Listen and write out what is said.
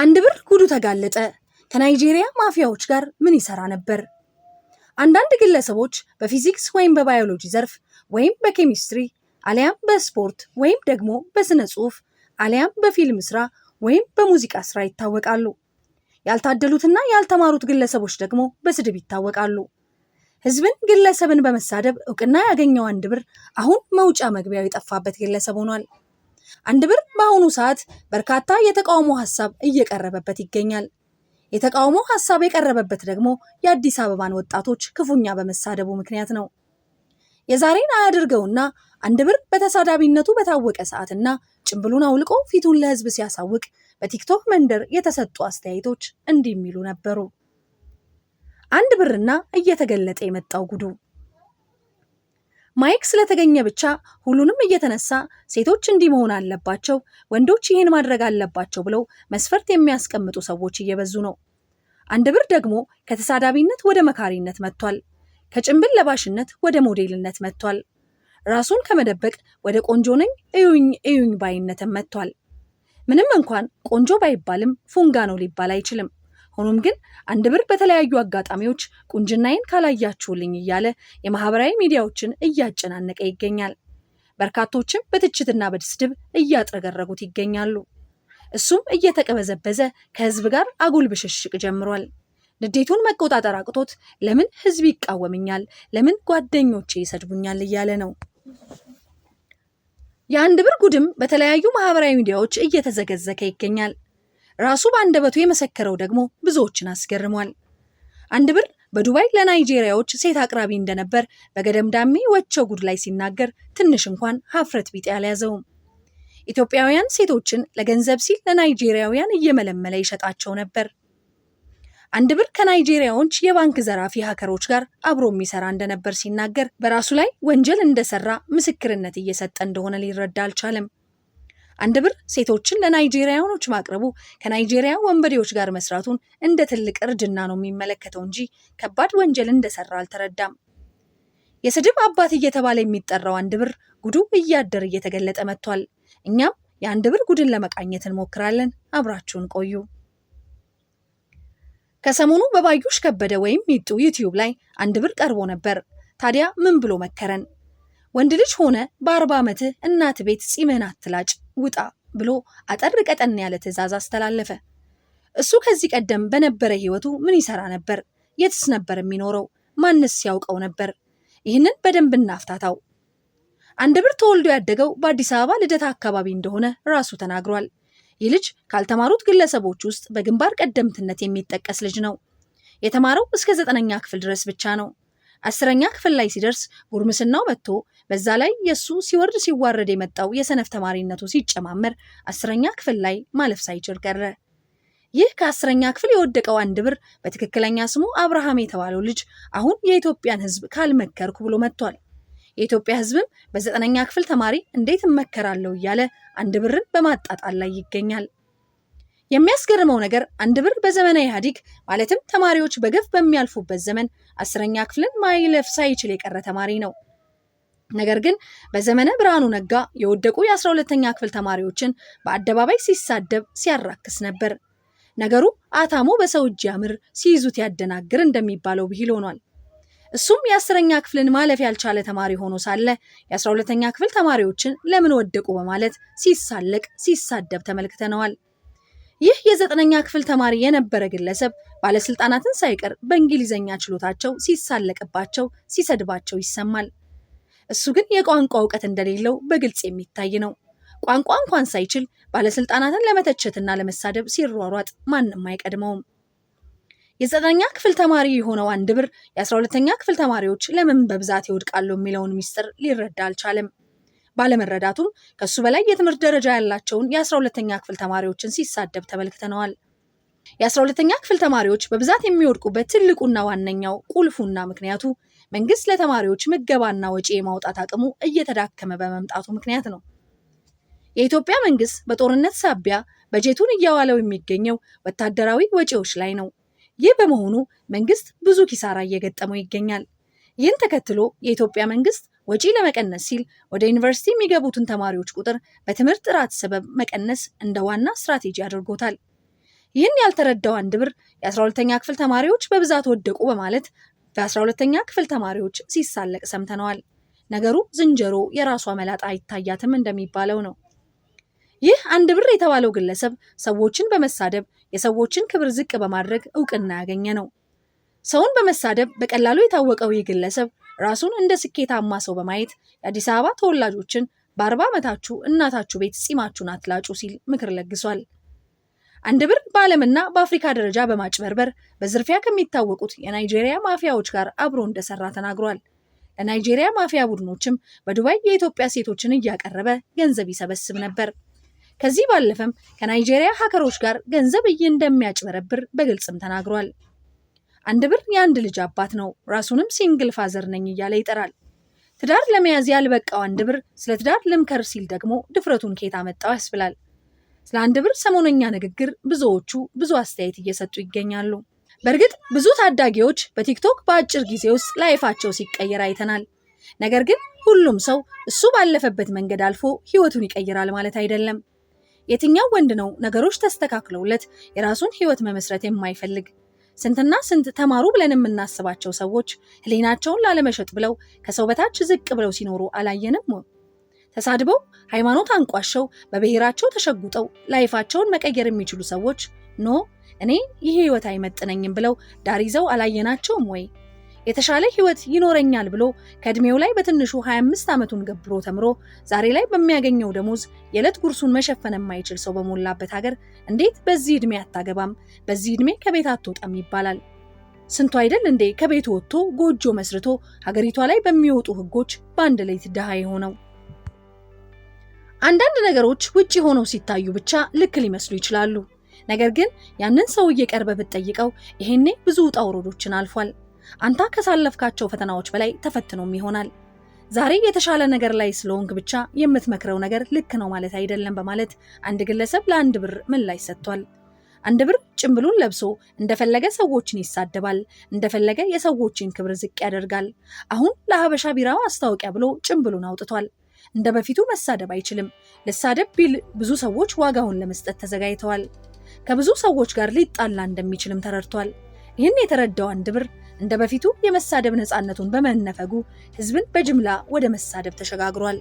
አንድ ብር ጉዱ ተጋለጠ። ከናይጄሪያ ማፊያዎች ጋር ምን ይሰራ ነበር? አንዳንድ ግለሰቦች በፊዚክስ ወይም በባዮሎጂ ዘርፍ ወይም በኬሚስትሪ አሊያም በስፖርት ወይም ደግሞ በስነ ጽሑፍ አሊያም በፊልም ስራ ወይም በሙዚቃ ስራ ይታወቃሉ። ያልታደሉትና ያልተማሩት ግለሰቦች ደግሞ በስድብ ይታወቃሉ። ህዝብን፣ ግለሰብን በመሳደብ እውቅና ያገኘው አንድ ብር አሁን መውጫ መግቢያው የጠፋበት ግለሰብ ሆኗል። አንድ ብር በአሁኑ ሰዓት በርካታ የተቃውሞ ሀሳብ እየቀረበበት ይገኛል። የተቃውሞ ሀሳብ የቀረበበት ደግሞ የአዲስ አበባን ወጣቶች ክፉኛ በመሳደቡ ምክንያት ነው። የዛሬን አያድርገውና አንድ ብር በተሳዳቢነቱ በታወቀ ሰዓትና ጭምብሉን አውልቆ ፊቱን ለህዝብ ሲያሳውቅ በቲክቶክ መንደር የተሰጡ አስተያየቶች እንዲህ የሚሉ ነበሩ። አንድ ብርና እየተገለጠ የመጣው ጉዱ ማይክ ስለተገኘ ብቻ ሁሉንም እየተነሳ ሴቶች እንዲህ መሆን አለባቸው፣ ወንዶች ይህን ማድረግ አለባቸው ብለው መስፈርት የሚያስቀምጡ ሰዎች እየበዙ ነው። አንድ ብር ደግሞ ከተሳዳቢነት ወደ መካሪነት መጥቷል። ከጭንብል ለባሽነት ወደ ሞዴልነት መጥቷል። ራሱን ከመደበቅ ወደ ቆንጆ ነኝ እዩኝ እዩኝ ባይነትም መጥቷል። ምንም እንኳን ቆንጆ ባይባልም ፉንጋ ነው ሊባል አይችልም። ሆኖም ግን አንድ ብር በተለያዩ አጋጣሚዎች ቁንጅናዬን ካላያችሁልኝ እያለ የማህበራዊ ሚዲያዎችን እያጨናነቀ ይገኛል። በርካቶችም በትችትና በድስድብ እያጥረገረጉት ይገኛሉ። እሱም እየተቀበዘበዘ ከህዝብ ጋር አጉል ብሽሽቅ ጀምሯል። ንዴቱን መቆጣጠር አቅቶት ለምን ህዝብ ይቃወምኛል፣ ለምን ጓደኞቼ ይሰድቡኛል እያለ ነው። የአንድ ብር ጉድም በተለያዩ ማህበራዊ ሚዲያዎች እየተዘገዘከ ይገኛል። ራሱ በአንደበቱ የመሰከረው ደግሞ ብዙዎችን አስገርሟል። አንድ ብር በዱባይ ለናይጄሪያዎች ሴት አቅራቢ እንደነበር በገደምዳሜ ወቸው ጉድ ላይ ሲናገር ትንሽ እንኳን ሀፍረት ቢጤ አልያዘውም። ኢትዮጵያውያን ሴቶችን ለገንዘብ ሲል ለናይጄሪያውያን እየመለመለ ይሸጣቸው ነበር። አንድ ብር ከናይጄሪያዎች የባንክ ዘራፊ ሀከሮች ጋር አብሮ የሚሰራ እንደነበር ሲናገር በራሱ ላይ ወንጀል እንደሰራ ምስክርነት እየሰጠ እንደሆነ ሊረዳ አልቻለም። አንድ ብር ሴቶችን ለናይጄሪያኖች ማቅረቡ ከናይጄሪያ ወንበዴዎች ጋር መስራቱን እንደ ትልቅ እርጅና ነው የሚመለከተው እንጂ ከባድ ወንጀል እንደሰራ አልተረዳም። የስድብ አባት እየተባለ የሚጠራው አንድ ብር ጉዱ እያደር እየተገለጠ መጥቷል። እኛም የአንድ ብር ጉድን ለመቃኘት እንሞክራለን። አብራችሁን ቆዩ። ከሰሞኑ በባዩሽ ከበደ ወይም ሚጡ ዩቲዩብ ላይ አንድ ብር ቀርቦ ነበር። ታዲያ ምን ብሎ መከረን? ወንድ ልጅ ሆነ በአርባ ዓመትህ እናት ቤት ጺምህን አትላጭ ውጣ ብሎ አጠር ቀጠን ያለ ትዕዛዝ አስተላለፈ። እሱ ከዚህ ቀደም በነበረ ህይወቱ ምን ይሰራ ነበር? የትስ ነበር የሚኖረው? ማንስ ያውቀው ነበር? ይህንን በደንብ እናፍታታው። ብር ተወልዶ ያደገው በአዲስ አበባ ልደታ አካባቢ እንደሆነ ራሱ ተናግሯል። ይህ ልጅ ካልተማሩት ግለሰቦች ውስጥ በግንባር ቀደምትነት የሚጠቀስ ልጅ ነው። የተማረው እስከ ዘጠነኛ ክፍል ድረስ ብቻ ነው። አስረኛ ክፍል ላይ ሲደርስ ጉርምስናው መጥቶ በዛ ላይ የእሱ ሲወርድ ሲዋረድ የመጣው የሰነፍ ተማሪነቱ ሲጨማመር አስረኛ ክፍል ላይ ማለፍ ሳይችል ቀረ። ይህ ከአስረኛ ክፍል የወደቀው አንድ ብር በትክክለኛ ስሙ አብርሃም የተባለው ልጅ አሁን የኢትዮጵያን ሕዝብ ካልመከርኩ ብሎ መጥቷል። የኢትዮጵያ ሕዝብም በዘጠነኛ ክፍል ተማሪ እንዴት እመከራለሁ እያለ አንድ ብርን በማጣጣል ላይ ይገኛል። የሚያስገርመው ነገር አንድ ብር በዘመነ ኢህአዲግ ማለትም ተማሪዎች በገፍ በሚያልፉበት ዘመን አስረኛ ክፍልን ማይለፍ ሳይችል የቀረ ተማሪ ነው። ነገር ግን በዘመነ ብርሃኑ ነጋ የወደቁ የአስራ ሁለተኛ ክፍል ተማሪዎችን በአደባባይ ሲሳደብ፣ ሲያራክስ ነበር። ነገሩ አታሞ በሰው እጅ ያምር ሲይዙት ያደናግር እንደሚባለው ብሂል ሆኗል። እሱም የአስረኛ ክፍልን ማለፍ ያልቻለ ተማሪ ሆኖ ሳለ የአስራ ሁለተኛ ክፍል ተማሪዎችን ለምን ወደቁ በማለት ሲሳለቅ፣ ሲሳደብ ተመልክተነዋል። ይህ የዘጠነኛ ክፍል ተማሪ የነበረ ግለሰብ ባለስልጣናትን ሳይቀር በእንግሊዝኛ ችሎታቸው ሲሳለቅባቸው፣ ሲሰድባቸው ይሰማል። እሱ ግን የቋንቋ እውቀት እንደሌለው በግልጽ የሚታይ ነው። ቋንቋ እንኳን ሳይችል ባለስልጣናትን ለመተቸትና ለመሳደብ ሲሯሯጥ ማንም አይቀድመውም። የዘጠነኛ ክፍል ተማሪ የሆነው አንድ ብር የአስራ ሁለተኛ ክፍል ተማሪዎች ለምን በብዛት ይወድቃሉ የሚለውን ሚስጥር ሊረዳ አልቻለም። ባለመረዳቱም ከሱ በላይ የትምህርት ደረጃ ያላቸውን የአስራ ሁለተኛ ክፍል ተማሪዎችን ሲሳደብ ተመልክተነዋል። የአስራ ሁለተኛ ክፍል ተማሪዎች በብዛት የሚወድቁበት ትልቁና ዋነኛው ቁልፉና ምክንያቱ መንግስት ለተማሪዎች ምገባና ወጪ የማውጣት አቅሙ እየተዳከመ በመምጣቱ ምክንያት ነው። የኢትዮጵያ መንግስት በጦርነት ሳቢያ በጀቱን እያዋለው የሚገኘው ወታደራዊ ወጪዎች ላይ ነው። ይህ በመሆኑ መንግስት ብዙ ኪሳራ እየገጠመው ይገኛል። ይህን ተከትሎ የኢትዮጵያ መንግስት ወጪ ለመቀነስ ሲል ወደ ዩኒቨርሲቲ የሚገቡትን ተማሪዎች ቁጥር በትምህርት ጥራት ሰበብ መቀነስ እንደ ዋና ስትራቴጂ አድርጎታል። ይህን ያልተረዳው አንድ ብር የ12ተኛ ክፍል ተማሪዎች በብዛት ወደቁ በማለት በ12ተኛ ክፍል ተማሪዎች ሲሳለቅ ሰምተነዋል። ነገሩ ዝንጀሮ የራሷ መላጣ አይታያትም እንደሚባለው ነው። ይህ አንድ ብር የተባለው ግለሰብ ሰዎችን በመሳደብ የሰዎችን ክብር ዝቅ በማድረግ እውቅና ያገኘ ነው። ሰውን በመሳደብ በቀላሉ የታወቀው ይህ ግለሰብ ራሱን እንደ ስኬታማ ሰው በማየት የአዲስ አበባ ተወላጆችን በአርባ ዓመታችሁ እናታችሁ ቤት ጺማችሁን አትላጩ ሲል ምክር ለግሷል። አንድ ብር በዓለምና በአፍሪካ ደረጃ በማጭበርበር በዝርፊያ ከሚታወቁት የናይጄሪያ ማፊያዎች ጋር አብሮ እንደሰራ ተናግሯል። ለናይጄሪያ ማፊያ ቡድኖችም በዱባይ የኢትዮጵያ ሴቶችን እያቀረበ ገንዘብ ይሰበስብ ነበር። ከዚህ ባለፈም ከናይጄሪያ ሀከሮች ጋር ገንዘብ እንደሚያጭበረብር በግልጽም ተናግሯል። አንድ ብር የአንድ ልጅ አባት ነው። ራሱንም ሲንግል ፋዘር ነኝ እያለ ይጠራል። ትዳር ለመያዝ ያልበቃው አንድ ብር ስለ ትዳር ልምከር ሲል ደግሞ ድፍረቱን ከየት አመጣው ያስብላል። ስለ አንድ ብር ሰሞነኛ ንግግር ብዙዎቹ ብዙ አስተያየት እየሰጡ ይገኛሉ። በእርግጥ ብዙ ታዳጊዎች በቲክቶክ በአጭር ጊዜ ውስጥ ላይፋቸው ሲቀየር አይተናል። ነገር ግን ሁሉም ሰው እሱ ባለፈበት መንገድ አልፎ ህይወቱን ይቀይራል ማለት አይደለም። የትኛው ወንድ ነው ነገሮች ተስተካክለውለት የራሱን ህይወት መመስረት የማይፈልግ? ስንትና ስንት ተማሩ ብለን የምናስባቸው ሰዎች ህሊናቸውን ላለመሸጥ ብለው ከሰው በታች ዝቅ ብለው ሲኖሩ አላየንም? ተሳድበው ሃይማኖት አንቋሸው በብሔራቸው ተሸጉጠው ላይፋቸውን መቀየር የሚችሉ ሰዎች ኖ እኔ ይህ ህይወት አይመጥነኝም ብለው ዳር ይዘው አላየናቸውም ወይ? የተሻለ ህይወት ይኖረኛል ብሎ ከእድሜው ላይ በትንሹ 25 ዓመቱን ገብሮ ተምሮ ዛሬ ላይ በሚያገኘው ደሞዝ የዕለት ጉርሱን መሸፈን የማይችል ሰው በሞላበት ሀገር እንዴት በዚህ ዕድሜ አታገባም፣ በዚህ ዕድሜ ከቤት አትወጣም ይባላል። ስንቱ አይደል እንዴ ከቤት ወጥቶ ጎጆ መስርቶ ሀገሪቷ ላይ በሚወጡ ህጎች በአንድ ላይት ድሃ የሆነው። አንዳንድ ነገሮች ውጪ ሆነው ሲታዩ ብቻ ልክ ሊመስሉ ይችላሉ። ነገር ግን ያንን ሰውዬ ቀርበህ ብትጠይቀው ይሄኔ ብዙ ውጣ ውረዶችን አልፏል። አንተ ከሳለፍካቸው ፈተናዎች በላይ ተፈትኖም ይሆናል። ዛሬ የተሻለ ነገር ላይ ስለሆንክ ብቻ የምትመክረው ነገር ልክ ነው ማለት አይደለም በማለት አንድ ግለሰብ ለአንድ ብር ምላሽ ሰጥቷል። አንድ ብር ጭምብሉን ለብሶ እንደፈለገ ሰዎችን ይሳደባል፣ እንደፈለገ የሰዎችን ክብር ዝቅ ያደርጋል። አሁን ለሀበሻ ቢራ ማስታወቂያ ብሎ ጭምብሉን አውጥቷል። እንደ በፊቱ መሳደብ አይችልም። ልሳደብ ቢል ብዙ ሰዎች ዋጋውን ለመስጠት ተዘጋጅተዋል። ከብዙ ሰዎች ጋር ሊጣላ እንደሚችልም ተረድቷል። ይህን የተረዳው አንድ ብር እንደ በፊቱ የመሳደብ ነፃነቱን በመነፈጉ ህዝብን በጅምላ ወደ መሳደብ ተሸጋግሯል።